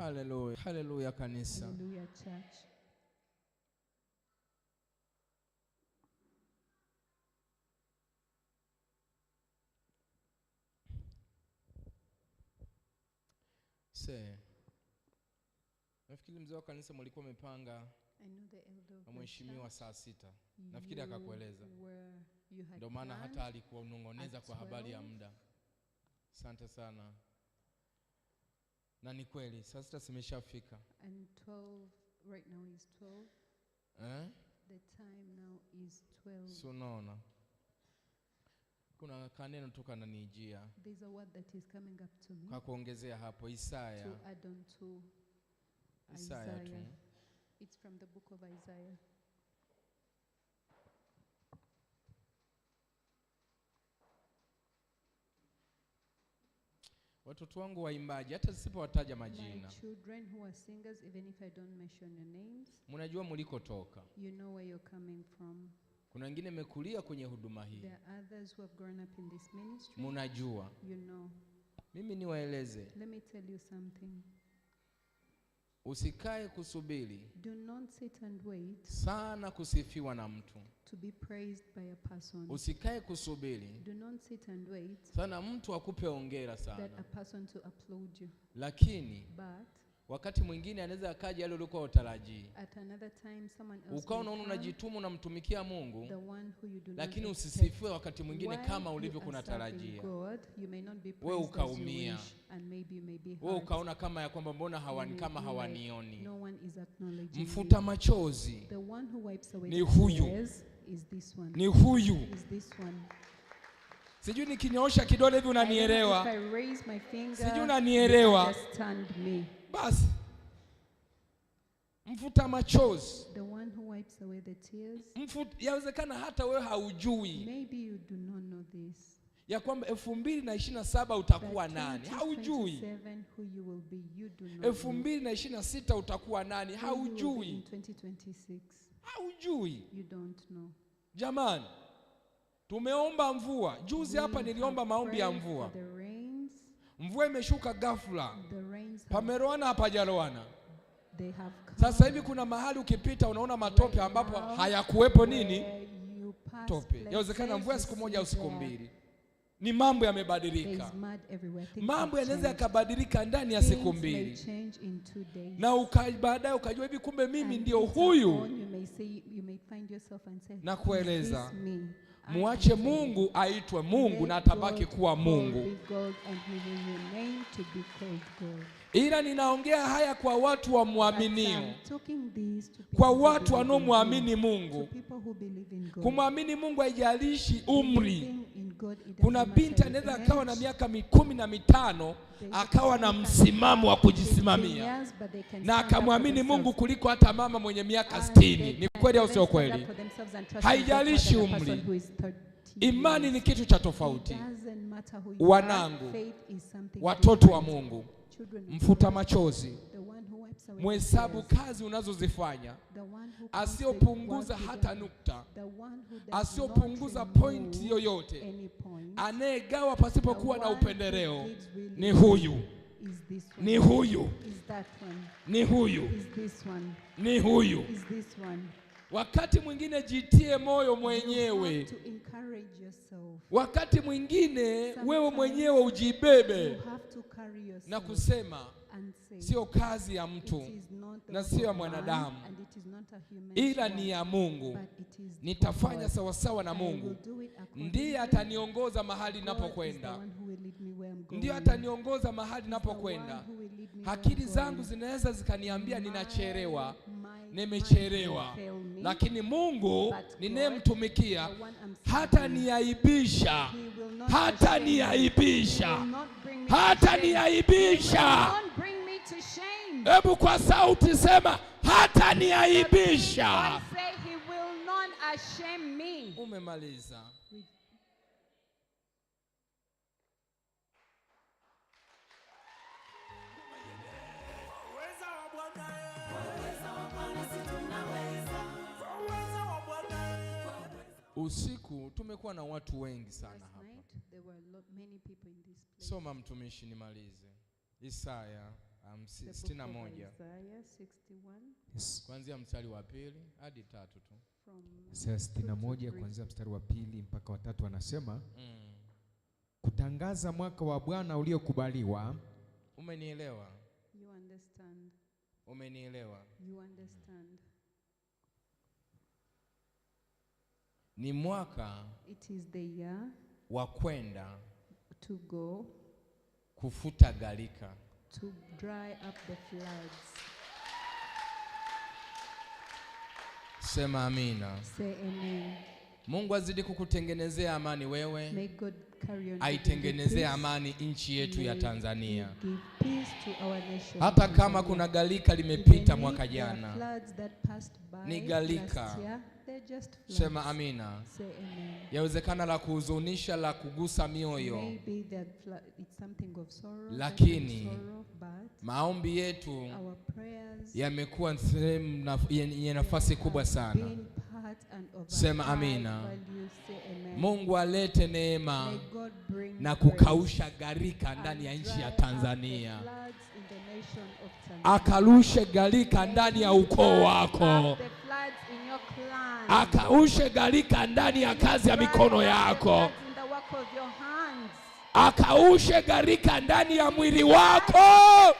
Hallelujah. Hallelujah kanisa, Hallelujah church. Se nafikiri mzee wa kanisa mlikuwa mmepanga na mheshimiwa saa sita, nafikiri akakueleza, ndio maana hata alikuwa unong'oneza kwa habari ya muda. Asante sana na ni kweli saa sita zimeshafika. And right now Eh? The is kuna kaneno toka nanijia kwa kuongezea hapo Isaya to add on to Isaya, Isaiah. It's from the book of Isaiah. watoto wangu waimbaji, hata sipowataja majina. Munajua mulikotoka. You know Kuna wengine mmekulia kwenye huduma hii, munajua. You know. Mimi niwaeleze. Let me tell you Usikae kusubiri Do not sit and wait sana kusifiwa na mtu to be praised by a person. Usikae kusubiri Do not sit and wait sana mtu akupe ongera sana that a person to applaud you. Lakini But, Wakati mwingine anaweza akaja yale uliokuwa utarajii, ukawa unaona unajituma unamtumikia Mungu, lakini usisifiwe wakati mwingine kama ulivyo kuna tarajia, wewe ukaumia, wewe ukaona kama ya kwamba mbona hawani kama hawanioni. Mfuta machozi ni huyu, ni huyu Sijui nikinyoosha kidole hivi unanielewa? Sijui unanielewa? Basi mfuta machozi, yawezekana hata wewe haujui ya kwamba elfu mbili na ishirini na saba utakuwa nani? Haujui. elfu mbili na ishirini na sita utakuwa nani? Haujui, haujui jamani. Tumeomba mvua juzi hapa, niliomba maombi ya mvua. Mvua imeshuka ghafla, pameroana hapajaroana. Sasa hivi kuna mahali ukipita unaona matope ambapo hayakuwepo nini, tope. Yawezekana mvua siku moja au siku mbili ni mambo yamebadilika. Mambo yanaweza yakabadilika ndani ya siku mbili, na baadaye ukajua hivi, kumbe mimi ndio huyu. Na kueleza muache Mungu aitwe Mungu na atabaki kuwa Mungu, ila ninaongea haya kwa watu wamwaminio, kwa watu wanaomwamini Mungu. Kumwamini Mungu haijalishi umri kuna binti anaweza akawa na miaka mikumi na mitano akawa na msimamo wa kujisimamia na akamwamini Mungu kuliko hata mama mwenye miaka sitini. Ni kweli au sio kweli? Haijalishi umri, imani ni kitu cha tofauti. Wanangu, watoto wa Mungu, mfuta machozi mwhesabu kazi unazozifanya, asiyopunguza hata nukta, asiyopunguza pointi yoyote, anayegawa pasipokuwa na upendeleo, ni huyu ni huyu ni huyu ni huyu. Wakati mwingine jitie moyo mwenyewe, wakati mwingine wewe mwenyewe ujibebe na kusema sio kazi ya mtu na sio ya mwanadamu, ila ni ya Mungu. Nitafanya sawasawa na Mungu, ndiye ataniongoza mahali ninapokwenda, ndiyo ataniongoza mahali ninapokwenda. Akili zangu zinaweza zikaniambia ninachelewa, nimechelewa, lakini Mungu ninayemtumikia hata niaibisha, hata niaibisha, hata niaibisha Hebu kwa sauti sema, hata niaibisha. Umemaliza. Usiku tumekuwa na watu wengi sana hapa. Soma mtumishi, nimalize Isaya Um, kwanzia kuanzia mstari wa pili hadi tatu tu Isaya sitini na moja kuanzia mstari wa pili mpaka watatu anasema mm. kutangaza mwaka wa Bwana uliokubaliwa. Umenielewa? You understand. Umenielewa? You understand. Ni mwaka It is the year wa kwenda to go kufuta gharika to dry up the floods. Sema amina. Say amen. Mungu azidi kukutengenezea amani wewe. May God carry on aitengenezee amani nchi yetu ya Tanzania. Hata kama kuna galika limepita mwaka jana, ni galika Sema amina. Yawezekana la kuhuzunisha, la kugusa mioyo, lakini Maombi yetu yamekuwa sehemu yenye nafasi kubwa sana. Sema amina. Mungu alete neema na kukausha gharika ndani ya nchi ya Tanzania, akarushe gharika ndani ya ukoo wako, akaushe gharika ndani ya kazi ya mikono yako akaushe gharika ndani ya mwili wako.